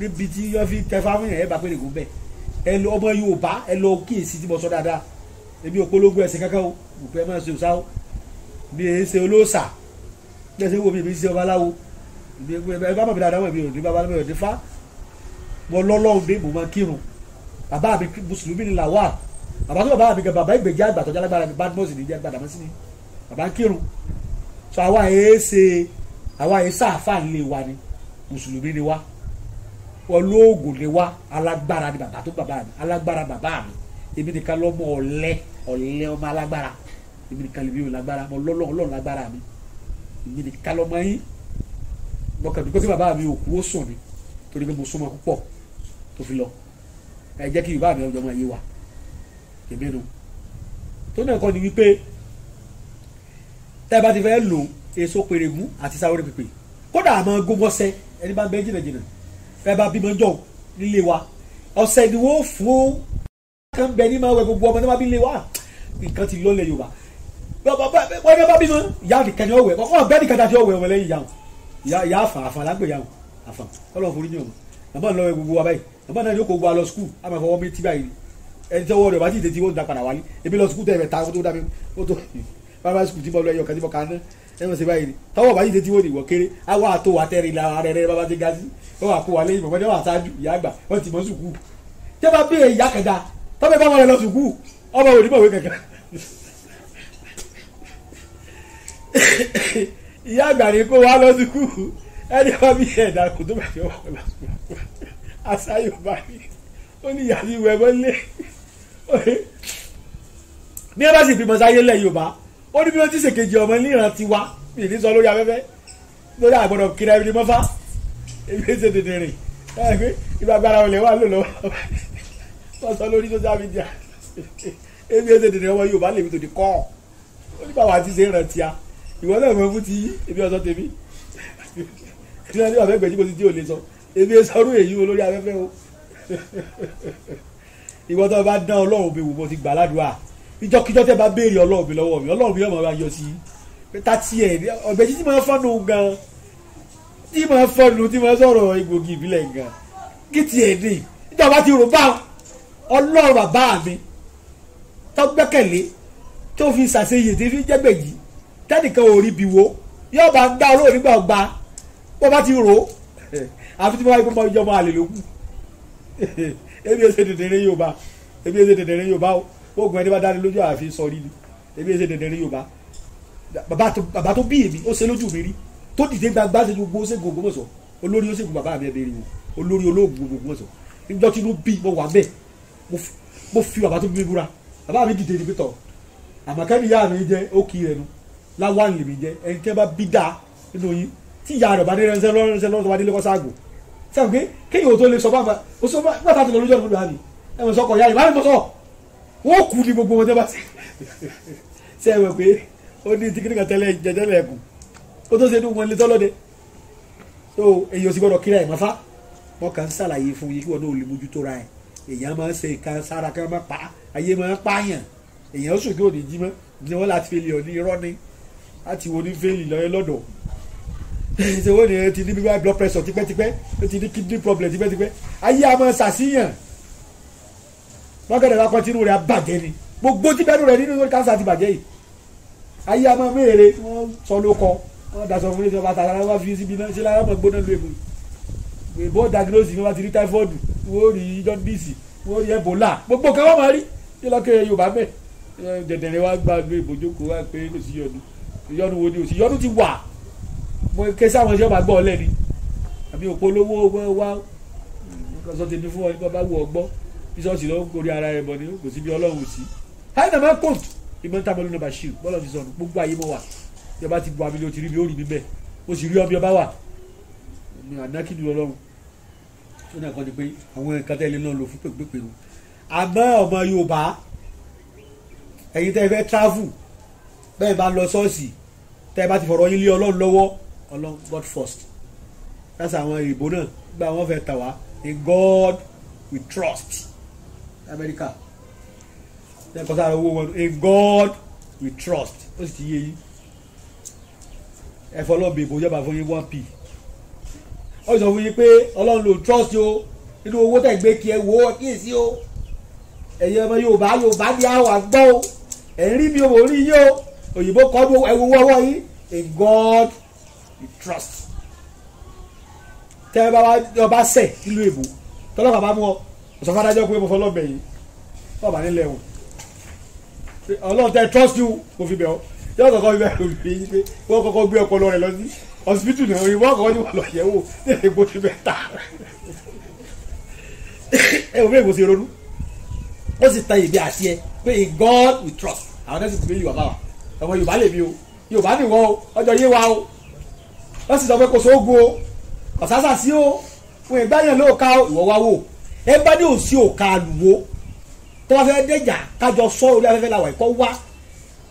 níbi tí yọ fi tẹfà fún yẹn ẹ bá pé nìkú bẹ ẹ lọ ọmọ Yorùbá ẹ lọ kíyèsí tí mo sọ dáadáa èmi òpolongo ẹ̀sìn kankan o òpè máa ṣe òṣà o mi èé ṣe olóòṣà bí ẹ ṣe wo mi èmi ṣe babaláwo ẹ bá bàbá dáadáa wọn èmi ò ní babaláwo ẹ̀ ní fá mo lọ́lọ́run dé mo máa kírun bàbá mi mùsùlùmí ni làwà bàbá tó bàbá mi gan bàbá ìgbèjì àgbà tọ́jà lágbára mi badmus ni jẹ́ gbàdàmọ́ sí ni bàbá ń kírun so àwa èé ṣe àwa èé ṣàfà ńlẹ̀ wa ni mùsùlùmí ni wa olóògùn lè wá alágbára ni bàbá tó bàbá mi alágbára bàbá mi èmi nìkan lọ́mọ ọ̀lẹ ọ̀lẹ ọmọ alágbára èmi nìkan lè mi ò lágbára mọ lọ́lọ́run lọ́run lágbára mi èmi nìkan lọ́mọ yín lọ́kàn mi kó tí mi ò kú ó sùn ni torí pé mo súnmọ́ púpọ̀ tó fi lọ ẹ jẹ́ kí yorùbá mi ọjọ́ máa yé wa èmi nu tó náà kọ́ ni wípé tẹ́ bá ti fẹ́ lò èso pèrègún àti sáré pèpè kódà àmọ́ gómọ́sẹ́ ẹni bá ń bẹ́ jìnnà jìnnà bẹ́ẹ̀ bá bímọ jọ nílé wa ọ̀sẹ̀ ìdíwọ́ fún kan bẹ ní máa wẹ gbogbo ọmọ náà bí lé wa nǹkan ti lọ́lẹ̀ yorùbá wọ́n ní bá bímọ ìyá nìkan ni ọ̀wẹ̀ kọ́kọ́ ọ̀gbẹ́ nìkan tàbí ọ̀wẹ̀ ọmọ lẹ́yìn ìyá wọn ìyá àfà àfà lágbè ìyá wọn àfà kọ́lọ̀ forí yàn wọn nàbọ̀ lọ́wọ́ gbogbo wa báyìí nàbọ̀ náà ni ó kó wa lọ skul àmọ́ ìfọwọ́ mi ti báyìí ẹni tí ọwọ́ rẹ̀ bá ti tètè wọ́n da padà wálé ebi lọ skul tẹ̀ ẹ̀ ta kó tó dá mi skul tí mo lọ ẹyọ kan ẹ mọ̀ sí báyìí ni tọwọ́ bá yìí ṣe tí wọ́n ìwọ̀ kéré àwọn àtò wà tẹ́rì la ara rẹ̀ bàbá ti ga sí wọ́n wà kó wà lẹ́yìn bọ̀bọ́dé wà sáájú ìyá àgbà wọ́n ti mọ́ sùkúù tẹ́ bá bẹ́ẹ̀ ìyá kẹta tọ́pẹ́ bá wọn lọ sùkúù ọmọ òní mọ̀wé kankan. ìyá àgbà ni kó wá lọ sùkúù ẹni wọn bí ẹ̀dá kò tó bàjẹ́ wọn lọ sùkúù àṣàyò báyìí ó ní ìyá ó ní bí wọ́n ti ṣèkejì ọmọ níran tiwa èyí sọ lórí afẹ́fẹ́ lórí àgbọ̀dọ̀ kíra ibi mọ́fá ebi ṣe tètè rìn láì pé ibà gbára olè wà lòlò wọ́n sọ lórí social media ebi ṣe tètè rìn ọmọ Yorùbá lèmi tòdì kọ́ ó ní báwa ti ṣe ń rántí a ìwọ náà mọ̀ fún ti ebi ọ̀sán tèmi ní wọ́n ní ọ̀fẹ́ gbẹ̀jú kò sí tí ò lè sọ ebi sọrú èyí o lórí afẹ́fẹ́ o ìwọ tó bá dán Ọlọ́run bẹ̀ wò bó ti gbà ládùúgbà ìjọkíjọ tẹ́ bá béèrè ọlọ́run mi lọ́wọ́ mi ọlọ́run mi yóò máa yọ sí tàtí ẹ̀ ọ̀bẹ tí máa fọ́nù gan tí máa fọ́nù tí máa sọ̀rọ̀ egbògi ìbílẹ̀ gan kí tiẹ̀ dé ìjọba ti rò bá ọlọ́run bàbá mi tó gbẹ́kẹ̀lé tó fi ṣàṣeyè tí fi jẹ́gbẹ̀jì tẹ́nìkan ò rí bi wo yóò bá ń dá olóòrí gbà gba bó bá ti rò ó àfi tí mo bá yẹ kó mọ ìjọba àlè lókù ebi ẹsẹ tètè rẹ yóò bá ebi ẹsẹ tètè rẹ yóò bá o oògùn ẹni bá dá ní lójú àfi sọ rí ni ebi ẹsẹ dandan rí yorùbá bàbá tó bí èmi ó ṣe lójú mi rí tó dìde gbangba ṣe gbogbo ṣègùn Ògbómọ̀ṣọ́ olórí ṣègùn bàbá mi ẹbí rí o olórí olóògùn Ògbómọ̀ṣọ́ níjọ́ tí ló bí mo wà bẹ́ẹ̀ mo fi bàbá tó bí mi búra bàbá mi dìde níbi tọ̀ àmọ̀kẹ́ni ìyá mi jẹ́ ó kí ẹnu láwọn lèmi jẹ́ ẹni tí wọ́n bá bí dáa nínú yín tí ìyá rẹ̀ bá dé rẹ́nsẹ́ lọ́rẹ́nsẹ́ lọ́rẹ́nsẹ́ bá dé lẹ́kọ́ sáàgò sẹ́wọ̀n pé kéèyàn ò tó lè sọ bá ń fa ó sọ bá ń fa tàbí lọ́jọ́ ìfúnni wa ni ẹ̀wọ̀n sọkọ̀ ìyá ìbáraẹ̀mọ̀sọ̀ wọ́n kú ní gbogbo wọn tẹ́ bá sí ṣe ẹ̀wẹ̀ pé ó ní tí kíníkà tẹ́lẹ̀ jẹjẹrẹ ẹ̀kú ó tó ṣe ní wọn lé tọ́lọ́dẹ so èyí ò sì gbọ́dọ̀ kíra ẹ̀ mọ́fá wọn kàn ń ṣàlàyé fún yín kí wọn náà lè mójútó ra ẹ̀ èèyàn máa ń ṣe nǹkan sára kí wọ́n máa pa ayé máa ń pààyàn èèyàn sùn kí òní jí mọ́ ni wọ́n láti fẹ́lẹ̀ ọ̀ ní irọ́ ni láti wo ní fẹ́lì lọ́yẹ́ lọ́dọ̀ ṣe wọ́n ní ti ní bí blood pressure tipẹ́tipẹ́ ó ti ní kidney problem tipẹ́tipẹ́ ayé a máa ṣàṣìyàn bọ́gẹ̀dẹ̀ bá kọ́ tínú rẹ̀ bàjẹ́ ni gbogbo tí bẹ́ẹ̀ rẹ̀ nínú kánsá ti bàjẹ́ yìí ayé a máa méèrè wọ́n sọ ló kọ wọ́n daṣọ fún ìjọba tààrà wọ́n fi síbi náà ṣé lára máa gbóná lu èbò èbò diagnosis ni wọ́n ti rí typhoid wọ́n rí jaundice wọ́n rí ebola gbogbo kan wọ́n máa rí kí lọ́kẹ́ yorùbá mẹ́ dẹ̀dẹ̀rẹ̀ wá gba lu èbò jókòó wá pé kò sí yọnu yọnu wo ni òsì yọnu ti wà mo ké sáwọn iṣẹ́ máa gbọ́ ọ lẹ́ni àbí òpolówó wá wá tèmi fún ọ ní bàbá wù ọ bísọ̀tì ló ń gorí ara rẹ̀ bọ̀ ni kò sí bí ọlọ́run sí haina ma kóòtù ìgbọ́n tá bọ́lú nọmba ṣíù bọ́lọ̀ ti sọnù gbogbo ayé mọ́ wà bí ọba ti bu abili o ti rí mi ó rí mi bẹ́ẹ̀ o sì rí ọ bí ọba wà ní ànákìlú ọlọ́run tó náà kàn ní pé àwọn nǹkan tẹ́lẹ̀ náà lò fún pèpèpèrò àmọ́ ọmọ yorùbá ẹ̀yin tẹ́ fẹ́ travel bẹ́ẹ̀ bá lọ ṣọ́ọ̀ṣì tẹ́ bá ti fọ̀rọ̀ yín lé ọlọ́run lọ́wọ́ ọlọ́run God first that's àwọn ìbò náà gbà wọ́n fẹ́ tà wá in God we trust America. lẹ́kọ̀ọ́ sára owó wọn in God we trust ó sì ti yé yín ẹ̀fọ́ ọlọ́ọ̀bì ìbò ìjọba fún yín one p ó sọ fún yín pé ọlọ́run ló trust o nínú owó tẹ̀ gbé kí ẹ wo kíyèsí o ẹ̀yin ọmọ Yorùbá Yorùbá ni a wà gbọ́ o ẹ̀ ń rí mi ò rí yín o òyìnbó kọ́ bí ẹ wo wọ́wọ́ yín in God we trust tẹ́ ẹ bá wá ọba sẹ̀ nílùú èbó tọ́lọ́pàá bá mú ọ sọ fún adájọ́ pé mo fọ́ lọ́bẹ̀ yìí wọ́n bá nílẹ̀ wọn ọlọ́run tẹ trust you mo fi bẹ̀ ọ́ yóò kọ́kọ́ bí bẹ́ẹ̀ lórí yìí pé wọ́n kọ́kọ́ gbé ọpọlọ rẹ̀ lọ sí hospital náà orí wọ́n kọ́kọ́ ní wọ́n lọ yẹ̀wò ní ègbò ti bẹ̀ tà ẹ wò bí ègbò ti ronú ó sì tan ìgbé àti ẹ pé in God we trust àwọn ẹ̀sìn ti bí Yorùbá wa ọmọ Yorùbá lè mi o Yorùbá ni wọ́n o ọjọ́ yé wa o wọ́n sì sọ pé kò sóògùn o ọ̀sásà sí o òun ìgbà yẹn ló ka ìwọ wa wò ẹ bá ní òsì òka àlùwò tó bá fẹ́ dẹ́jà kájọ sọ orí afẹ́fẹ́ làwọn ẹ̀kọ́ wá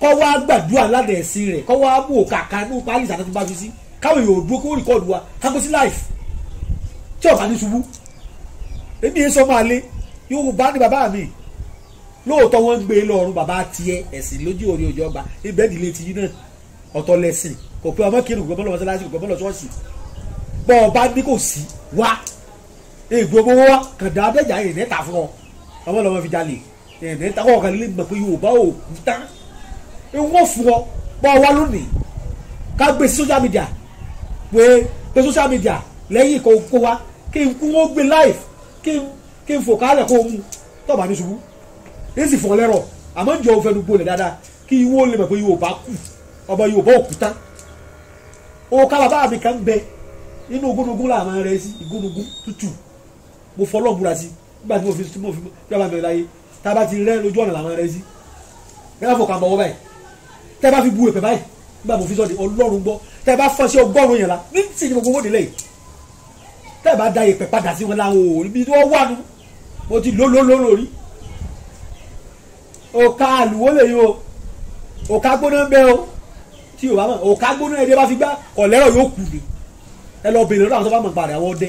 kọ́ wá gbàdúrà ládà ẹ̀sìn rẹ̀ kọ́ wá bò kàkà ní pálí ìsàtọ́ tó bá fi sí káwọn èèyàn ò dúró kó rìkọ́ọ̀dù wa kákó sí láìf tí ọ̀bá ní ṣubú èmi yẹn sọ máa lé yóò bá ní bàbá mi lóòótọ́ wọ́n ń gbé lọ́rùn bàbá tiẹ̀ ẹ̀sìn lójú òní òjò ọba ibẹ̀ ìdílé tiyín náà ọ̀tọ̀ lẹ́sìn kò pé ọmọ kiri kò gbọ́ lọ́wọ́ sọ́láṣí kò gbọ́ lọ́wọ́ sọ́ọ̀ṣì bọ́ọ̀ bá ní kò sí wá ègbò owó wa kàdá abẹ́jà èdè ta fún ọ ọmọ lọ́mọ fi jalè èdè ta kọ́ kàlẹ́ gbà pé yorùbá ò kú tán wọ́n fún ọ bọ́ ọ wá lónìí ká gbé social media pé pé social media lẹ́yìn kò kó wa kí n kú wọ́n gbé live kí n kí n fò kálẹ̀ kó mu tọ́ba ní ṣubú èsì fún ọ lẹ́rọ̀ àmọ́ jọ òun fẹnu gbolẹ̀ dáadáa kí iwó lè mọ̀ pé yorùbá kù ọmọ yorùbá ò kú tán o ká bàbá mi kan bẹ inú ogúnugún làwọn rẹ sí igúnugún tútù mo fọlọ́ múra sí nígbà tí mo fi tí mo fi bí a máa bẹ̀rẹ̀ láyé tá a bá ti rẹ́ lójú ọ̀nà làwọn rẹ sí bẹ́ẹ̀ bá fò kàn bọ̀wọ́ báyìí tẹ́ bá fi bu èpè báyìí nígbà mo fi sọ́ọ̀dì ọlọ́run gbọ́ tẹ́ bá fọ́ sí ọgọ́rùn-ún yẹn la ní sì ni mo gbowó délé yìí tẹ́ bá da èpè padà sí wọn láwọn òòrùn bí wọ́n wà nù mo ti lólólólò rí òkà àlùwọ́ lè yín o òkà gbóná bẹ́ o tí yorùbá mọ̀ òkà gbóná ẹ̀dẹ́ bá fi gbá kọ̀lẹ́rọ̀ yóò kù ní ẹ lọ bèrè lọ́dọ̀ àwọn tó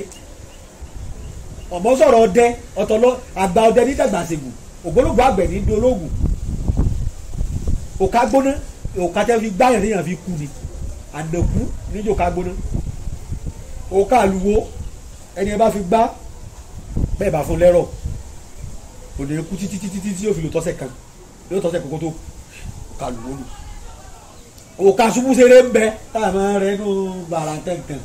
ọ̀mọ́ sọ̀rọ̀ ọdẹ ọ̀tọ̀lọ́ àgbà ọdẹ ní dàgbàsẹ̀gùn ògbólógbò àgbẹ̀ ní dológun òka gbóná òka tẹ́ fi gbáyàn níyàn fi kú ni àdàkú níjó ká gbóná òka àlùwò ẹni ẹ bá fi gbá bẹ́ẹ̀ bá fún lẹ́rọ̀ òde kú títí títí tí yóò fi lò tọ́sẹ̀ kan yóò tọ́sẹ̀ kókó tó òka àlùwò nù òka ṣubú ṣeré ń bẹ táwọn ọmọ rẹ nù bàrà tẹ̀ǹtẹ̀ǹ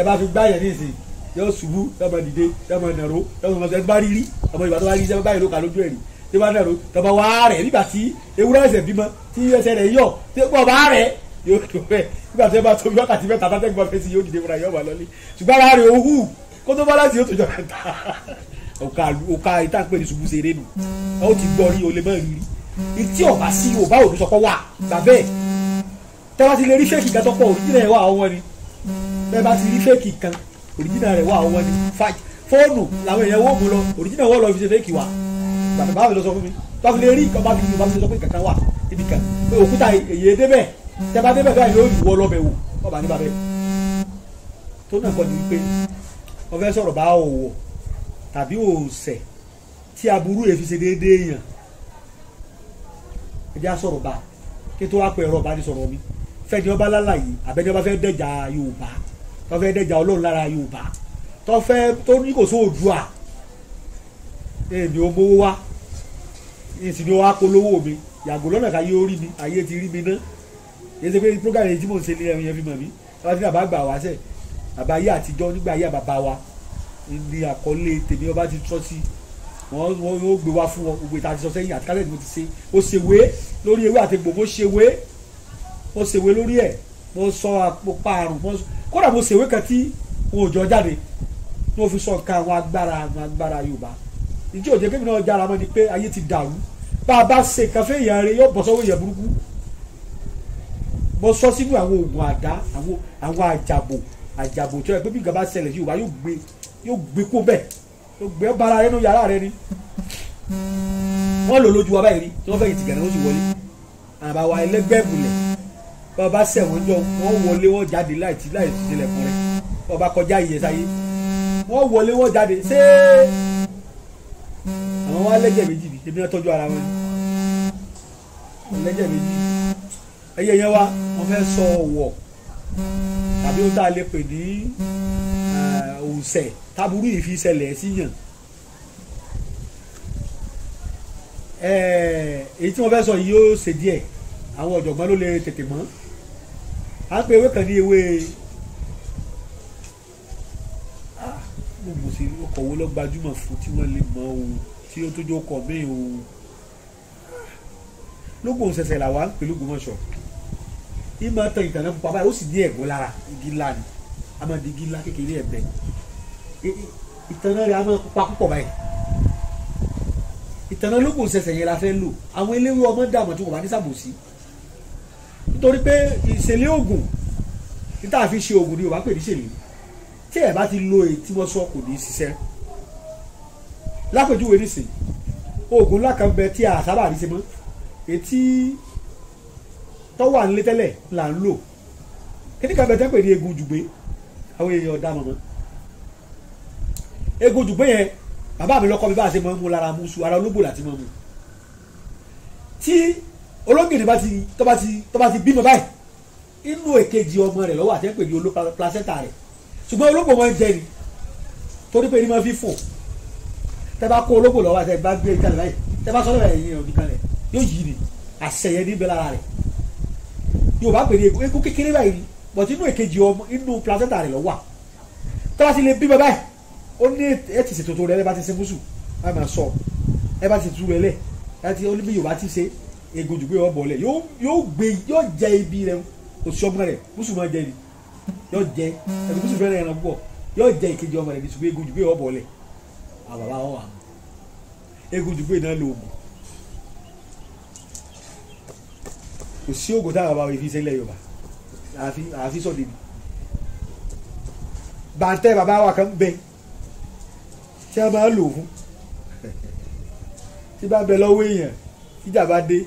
ẹ bá fi gbáyàn nísìnyí yóò ṣubú yóò máa dìde yóò máa nàró yóò máa sọ ẹ bá rí rí ọmọ ìbàdàn bá rí sẹ báyìí ló kà lójú ẹ rí tí wọn nàró tọba wá rẹ nígbà tí ewúrẹ́ ẹsẹ̀ bímọ tí ẹsẹ̀ rẹ yọ tí wọn bá rẹ yóò tó bẹ nígbà tí wọn bá tóbi wákàtí mẹ́ta tàbí ẹgbẹ́ fẹsí yóò dìde fúnra yóò wà lọlé ṣùgbọ́n ara rẹ òhù kó tó bá láti yóò tó jọ kàtà òkà òkà ìta pé ní ṣubú ṣeré nù ó ti gbọ́ rí o lè mọ̀ rí rí tí ọba sí ọba òdu sọkọ wà òrìjìnà rẹ̀ wà ọwọ́ ni fóònù làwọn èèyàn wọ́ọ̀mù lọ òrìjìnà wọ́ọ̀ lọ fi ṣe fẹ́ẹ̀kì wa bàbá bá mi lọ sọ fún mi tọ́fi lè rí ìkọ́ba mi ìbá mi sọ pé kankan wà ibi kan pé òkúta èyí débẹ̀ tẹ́bá débẹ̀ báyìí ló yìí wọ́ lọ́bẹ̀ wò ọba ní babẹ́ tó náà kọ́ ni wípé wọ́n fẹ́ sọ̀rọ̀ bá òwò tàbí òsẹ̀ tí aburú yẹn fi ṣe déédéé yàn ẹbí á sọ̀rọ̀ bá kí tó wá pẹ̀ ẹ̀rọ ní sọ̀rọ̀ mi fẹ́ni ọba lálàyé àbẹ́ni ọba fẹ́ dẹ̀jà Yorùbá tó fẹ́ dẹ́jà ọlọ́run lára yorùbá tó fẹ́ tó ní kò sóòdùà èmi ò mówó wá èsì ni ó wá polówó mi yàgò lọ́nà ká yóò rí mi ayé ti rí mi ná èsì pé program yẹn tí mò ń ṣe ní ẹ̀rù yẹn fi mọ̀ mí bàbá tí bàbá gbà wá sẹ̀ bàbá ayé àtijọ́ nígbà ayé bàbá wa ni àkọlé tèmi ọba ti tọ́ sí wọ́n wọ́n yóò gbé wá fún wọn gbogbo ìta ti sọ sẹ́yìn àti ni mo ti ṣe ó ṣèwé lórí ewé àti gbòmó ṣèwé ó ṣèwé lórí ẹ̀ mo sọ àpò paàrùn mo kódà mo ṣèwé kan tí wọn ò jọ jáde mo fi sọ nǹkan àwọn agbára àwọn agbára Yorùbá ìjì òjò kébì náà jára mọ́ ni pé ayé ti dàrú bá a bá ṣe kàfé èèyàn rẹ yóò bọ́ sọ́wọ́ èèyàn burúkú mo sọ sínú àwọn oògùn àdá àwọn àwọn àjàbò àjàbò tó yẹ pé bí nǹkan bá ṣẹlẹ̀ Yorùbá yóò gbé yóò gbé kó bẹ́ẹ̀ yóò gbé bara rẹ nínú yàrá rẹ ni wọ́n lò lójú wa báyìí rí tí wọ́n fẹ́ yìí tìgànnà ó sì wọlé àbáwá ẹlẹ́gbẹ́ ìbùlẹ̀ bàbá sẹ̀wọ̀n jọ wọ́n wọlé wọ́n jáde láìsí láìsí sílẹ̀ fún rẹ̀ bàbá kọjá ìyẹ̀sáyé wọ́n wọlé wọ́n jáde ṣé àwọn wa lẹ́jẹ̀ méjì ni ebi náà tọ́jú ara wọn lẹ́jẹ̀ méjì ẹyẹ yẹn wa wọ́n fẹ́ sọ ọ̀wọ̀ tàbí ó tá a lè pè ní eh, òǹṣẹ̀ táburú yìí fi ṣẹlẹ̀ sí yàn eh, èyí tí wọ́n fẹ́ sọ yìí yóò ṣe díẹ̀ àwọn ọ̀jọ̀gbọ́n ló lè tètè mọ̀ à ń pe ewé kan ní ewé mo mọ̀ sí ọkọ̀ wo ló gbajúmọ̀ fún tí wọ́n lè mọ ohun tí ó tó jẹ́ ọkọ̀ mẹ́rin ohun lóògùn ṣẹ̀ṣẹ̀ làwa ń pè lóògùn mọ̀ṣọ́ ìmọ̀ tán ìtàn náà pupa báyìí ó sì ní ẹ̀gbọ́n lára igi ńlá ni a máa di igi ńlá kékeré ẹ̀gbẹ́ ìtàn náà rẹ̀ a máa pupa púpọ̀ báyìí ìtàn náà lóògùn ṣẹ̀ṣẹ̀ yẹn la fẹ́ lò àwọn eléwé ọmọ dààmú tí wọ́n bá ní sàbòsí nítorí pé ìṣẹ̀lẹ̀ oògùn níta fi ṣe oògùn ni Yorùbá pè ní ṣèlè tí ẹ̀ bá ti lo èyí tí wọ́n sọ kò ní ṣiṣẹ́ lápèjúwe nísìn oògùn ńlá tí a sábà rí ṣe mọ́ etí tọ́wọ́ à ń lé tẹ́lẹ̀ là ń lò kíní kan bẹ tẹ́ pè ní egun jùgbé àwọn èèyàn ọ̀dà mọ̀mọ́ egun jùgbé yẹn bàbá mi lọ́kọ́ mi bá a ṣe mọ́ mu lára mu su ara ológbò láti mọ́ mu tí olómìnir bá ti tó bá ti tó bá ti bímọ báyìí inú èkejì ọmọ rẹ̀ lọ́wọ́ àtẹ́pẹ́ ní olóplacenta rẹ̀ ṣùgbọ́n ológbò máa ń jẹ ni torí pé ní máa fi fò tẹ́ bá kó ológbò lọ́wọ́ àtẹ́ bá gbé ìkàlẹ̀ e báyìí tẹ́ bá sọ́dọ̀ ẹ̀yìn ọ̀dún kalẹ̀ yóò yí ni àṣẹyẹ níbẹ̀ lára rẹ̀ yóò bá pè ní eku kékeré báyìí but inú èkejì ọmọ inú placenta rẹ̀ lọ́wọ́ tẹ́ bá ti lè bímọ báyìí ó ní ẹ ti ṣètò tó rẹ̀ ẹ bá ti ṣe fúsù ẹ máa sọ ẹ bá ti ṣètò rẹ̀ lẹ̀ ẹ ti ó ní egunjù gbé wọn bọ̀lẹ̀ yóò gbé yóò jẹ ibi rẹ òṣùọmọ rẹ mùsùlùmí máa jẹ ni yóò jẹ ẹni mùsùlùmí fẹ́ràn ẹran púpọ̀ yóò jẹ ìkejì ọmọ rẹ ní ṣùgbọ́n egunjù gbé wọn bọ̀lẹ̀ àbàbà wọn wà egunjù gbé náà lo oògùn kò sí oògùn táwọn bá wọn fi sẹ́lẹ̀ Yorùbá àfi sọ̀dẹ̀ ni bàtẹ́ bàbá wa kan bẹ tí a máa lò fún tí bá bẹ lọ́wọ́ èèyàn tíjà bá dé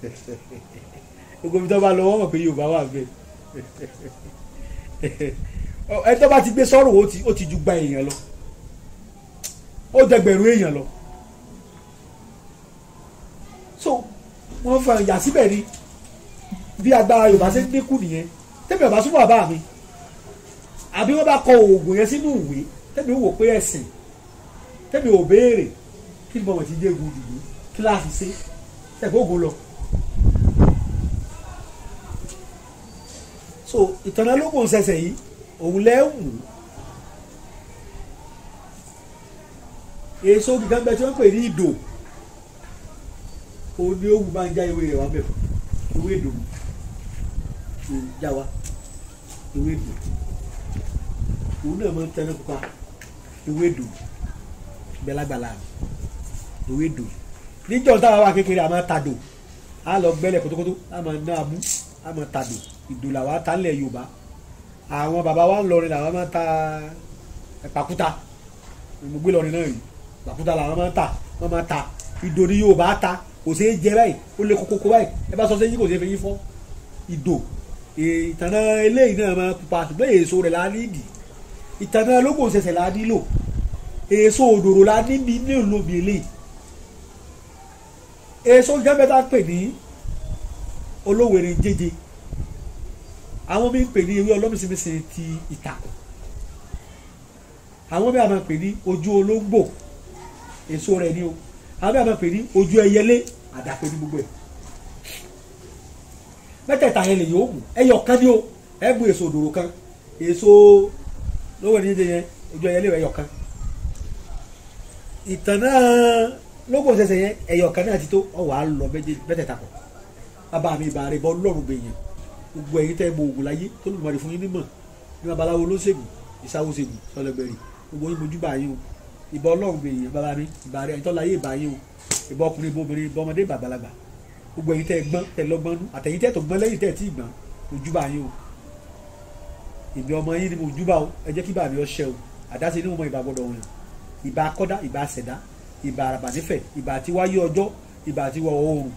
gbogbo ibi tó bá lọ wọ́n mọ̀ pé Yorùbá wà bẹ́ẹ̀ ẹ tó bá ti gbé sọ́rọ̀ ó ti ju gba èèyàn lọ ó dẹgbẹ̀rún èèyàn lọ so wọ́n fa ìyà síbẹ̀ ni bí agbára Yorùbá ṣe ń dínkù nìyẹn tẹ́mi ọ̀bá súnmọ́ bàbá mi àbí wọ́n bá kọ oògùn yẹn sínú ìwé tẹ́mi wò pé ẹ̀sìn tẹ́mi ò béèrè kí ni bọ́mọ̀ ti dé egun dùdú kí láàfin ṣe tẹ̀gbọ́n ògùn lọ. so ìtànà lókun ṣẹ̀ṣẹ̀ yìí òun lẹ́wù èso gíga ń bẹ tí wọ́n pè ní ìdò òun ni òwú máa ń já ewé rẹ̀ wá bẹ̀ fún ewé ìdò ti hmm, já wa ewé ìdò òun náà máa ń tẹnu pupa ewé ìdò gbẹlagbala ewé ìdò níjọ́ táwa wà kékeré a máa ta lọ gbẹ́lẹ̀ kótókótó a máa ná abú a máa ta ìdòlà wa ta nílẹ̀ yorùbá àwọn bàbá wa lọrin làwọn máa ta pàkúta mo gbé lọrin náà yìí pàkúta làwọn máa ta wọ́n máa ta ìdò ni yorùbá ta kò sí jẹ báyìí ó lè kókó báyìí ẹ bá sọ sí yín kò sí fi yín fọ́ ìdò ìtànà eléyìí náà máa pupa ṣùgbọ́n èso rẹ̀ la ní ìdì ìtànà ológun ṣẹ̀ṣẹ̀ la nílò èso òdòrò la níbi nílò bí eléyìí èso gẹ́gẹ́ bá pè ní olówèrè jẹjẹ àwọn mi ń pè ní ewé ọlọ́mísìmísì ti ìtàkùn àwọn mi à máa pè ní ojú olóńgbò èso rẹ̀ ni o àwọn mi à máa pè ní ojú ẹyẹlé àdàpé ní gbogbo ẹ̀ mẹ́tẹ̀ẹ̀ta yẹn lè yóò mú ẹyọ kan ní o ẹ mú èso òdòdó kan èso lówó ní ìdíje yẹn ojú ẹyẹlé ẹyọ kan ìtàn náà lóko ṣẹ̀ṣẹ̀ yẹn ẹyọ kan náà ti tó ọwọ́ àlọ́ mẹ́tẹ̀ẹ̀ta kọ̀ bàbá mi ìbàrẹ̀ bọ́ lọ́rùn gbẹ̀yìn gbogbo ẹ̀yin tẹ́ ẹ mọ òògùn láyé tó lùmọ̀ọ́dì fún yín nímọ̀ ní babaláwo olóṣègùn ìsáwóṣègùn sọlẹgbẹrì gbogbo yín mojú bá yín o ìbà ọlọ́run bèèyàn bàbá mi ìbà rẹ ìtọ́láyé ìbà yín o ìbà ọkùnrin ìbà obìnrin ìbà ọmọdé ìbà gbogbo ẹ̀yin tẹ́ gbọ́n tẹ́ lọ́gbọ́n nú àtẹ̀yin tẹ́ tó gbọ́n lẹ́yìn tẹ́ tí gbọ́n mojú bá yín o ìbí ọmọ yín ni mo júbà o ẹ jẹ́ kí bàbá mi ọ ṣẹ o àdáṣe ni mo mọ ìbà gbọdọ̀ wọ̀nyàn ìbà akọ́dá ìbà àṣẹ̀dá ìbà àràbànífẹ̀ ìbà àtiwáyé ọjọ́ ìbà àtiwọ̀ oòrùn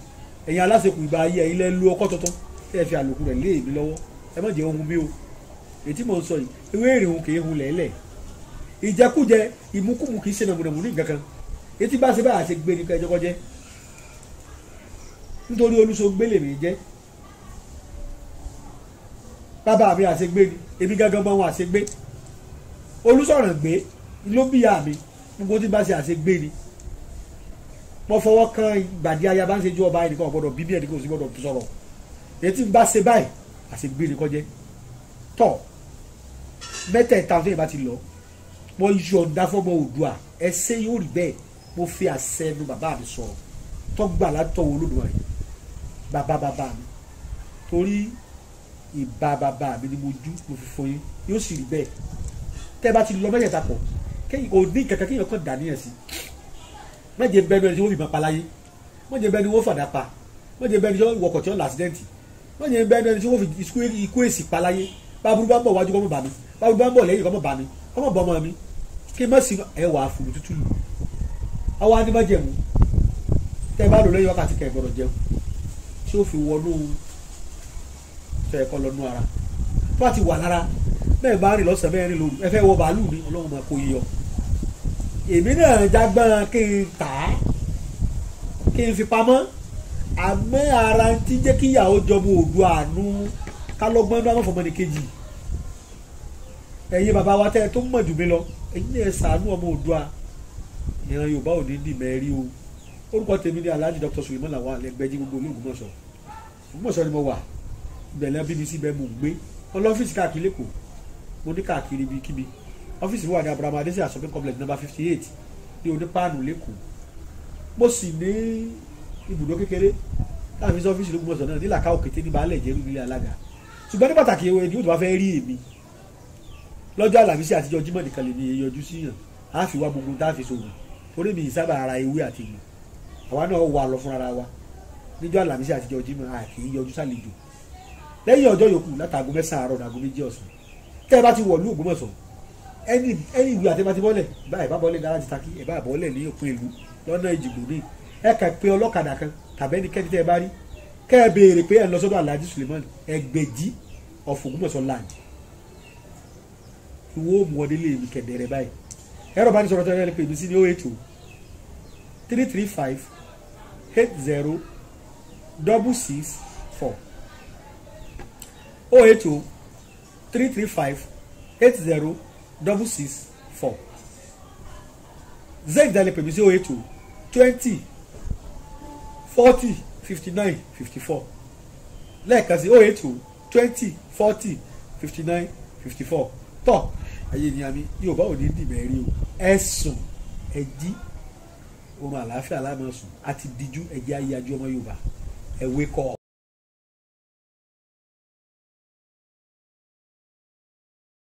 ẹ̀yin aláṣekù ìbà ayé ẹ̀yin lẹ́ lu ọkọ́ tuntun tẹ́ ẹ fi àlòkù rẹ̀ lé èmi lọ́wọ́ ẹ má jẹ́ ohun mi o ètí mo sọ yìí ewé èrè òun kìí hun lẹ́lẹ̀ ìjẹkújẹ ìmúkúmu kìí ṣe nàmúnàmú ní nǹkan kan etí bá ṣe báyà ṣe gbé ní kẹjọ kọjẹ nítorí olùsọ gbélé mi jẹ bàbá mi àṣegbé ni èmi gángan mọ́ wọn àṣegbé olùsọ̀ràn gbé ló bíyà mi gbogbo tí bá ṣe àṣegbé ni mo fọwọ́ kan ìgbàdí ayaba ń ọba ẹnìkan ọ̀gbọ́dọ̀ bíbí ẹnìkan ò gbọ́dọ̀ sọ̀rọ̀ èyí tí n bá ṣe báyìí àṣegbè ni kọjẹ́ tọ̀ mẹ́tẹ̀ẹ̀ta fún ìbá ti lọ mo yọ̀ǹda fọ́mọ Oòduà ẹsẹ̀ yóò rí bẹ́ẹ̀ mo fi àṣẹ ẹnu bàbá mi sọ̀rọ̀ tọ́gbà látọ̀wọ́ Olódùmarè bàbá bàbá mi torí ìbà bàbá mi ni mo jú mo fi fọyín yóò sì rí bẹ́ẹ̀ tẹ́ bá ti lọ mẹ́tẹ̀ẹ̀ta pọ̀ kéyìn òní kankan kéyìn ọkọ̀ dàníyàn sí mẹ́jẹ̀ bẹ́ẹ̀ ni wọ́n fi máa pa láyé mẹ́jẹ̀ bẹ́ẹ̀ ni wọ́n fàdà pa mẹ́jẹ̀ bẹ́ẹ̀ ni wọ́n wọkọ̀ tí wọ́n lọ àṣídẹ́ǹtì wọ́n yẹn bẹ́ẹ̀ náà tí wọ́n fi ikú èsì paláyé báburú bá ń bọ̀ wájú kọ́mọ̀ bá mi báburú bá ń bọ̀ lẹ́yìn kọ́mọ̀ bá mi kọ́mọ̀ bọ́ ọmọ mi kí n má sin ẹwà fùlù tútù lù àwa ni má jẹ̀mú tẹ́ ẹ bá lò lẹ́yìn wákàtí kẹ́ ẹ jẹun tí ó fi wọnú tẹ́ kọ́ lọ nú ara tó bá ti wà lára bẹ́ẹ̀ bá rìn lọ́sàn bẹ́ẹ̀ rìn lóru ẹ fẹ́ wọ bàálù ni ọlọ́run máa kó yíyọ èmi náà jágbọ́n kí n tà á kí n fi pamọ́ àmọ́ ara ti jẹ́ kí ìyàwó jọba òdu àánú kálọ́gbọ́n ní àwọn fọmọ́ni kejì ẹ̀yin bàbá wa tẹ́ ẹ tó mọ̀ jù mí lọ ẹ̀yin ẹ̀ sàánú ọmọ Oòduà ìran Yorùbá ò ní dì mẹ́rí o orúkọ tèmi ni Alhaji Dr. Suleiman Lawal lẹ́gbẹ́jì gbogbo olú Ògbómọ̀ṣọ́ Ògbómọ̀ṣọ́ ni mo wà bẹ̀lẹ́ bí mi sí bẹ́ẹ̀ mò ń gbé ọlọ́fíìsì káàkiri lẹ́kọ̀ọ́ mo ní káàkiri ibi kíbi ọ́fíìsì mi wà ní Abraham Adesina shopping complex number fifty eight ní onípaanu lẹ́kọ̀ọ́ mo sì ní ibùdó kékeré káàfin sí ọ́fíìsì lóògùn ọ̀sán náà nílàkà òkété ní baálẹ̀ jẹ́rú ilé alága ṣùgbọ́n ní pàtàkì ewé ni ó ti wá fẹ́ rí èmi lọ́jọ́ àlàmísì àtijọ́ jímọ̀ nìkan lèmi yọjú síyàn á fi wá gbogbo tá a fi sòwò orí mi ìsábà ara ewé àti ìlú àwa náà wà lọ fúnra wa níjọ́ àlàmísì àtijọ́ jímọ̀ àti yọjú sálejò lẹ́yìn ọjọ́ yòókù látàgò mẹ́sàn-án àárọ̀ dàgò méjì ọ̀sán tẹ́ ẹ bá ti wọ̀lú Ògbómọ̀ṣọ́ ẹni ìwé àtẹ́bàtì bọ́lẹ̀ ẹ kàn pé ọlọ́kadà kan tàbí ẹnikẹ́ni tẹ́ ẹ bá rí kẹ́ ẹ béèrè pé ẹ lọ sọ́dọ̀ alhaji suleiman ẹgbẹ̀jì of Ògbómọ̀ṣọ́ land ìwọ òmù ọdẹ lè mi kẹ̀dẹ̀rẹ̀ báyìí ẹ̀rọ bá ní sọ̀rọ̀ tẹ́lẹ̀ lè pè mí sí ní five oh eight zero double six four O three three five eight zero double six four zẹ́ẹ̀dì lè pè O sí 080 twenty forty fifty nine fifty four lẹ́ẹ̀kan sí oh eight oh twenty forty fifty nine fifty four tọ́ ayé ènìyàn mi yorùbá ò ní dìbẹ̀ rí o ẹ sùn ẹ jí oorun àlàáfíà láàmú sùn àti díjú ẹ jẹ́ ayé ajé ọmọ yorùbá ẹ wake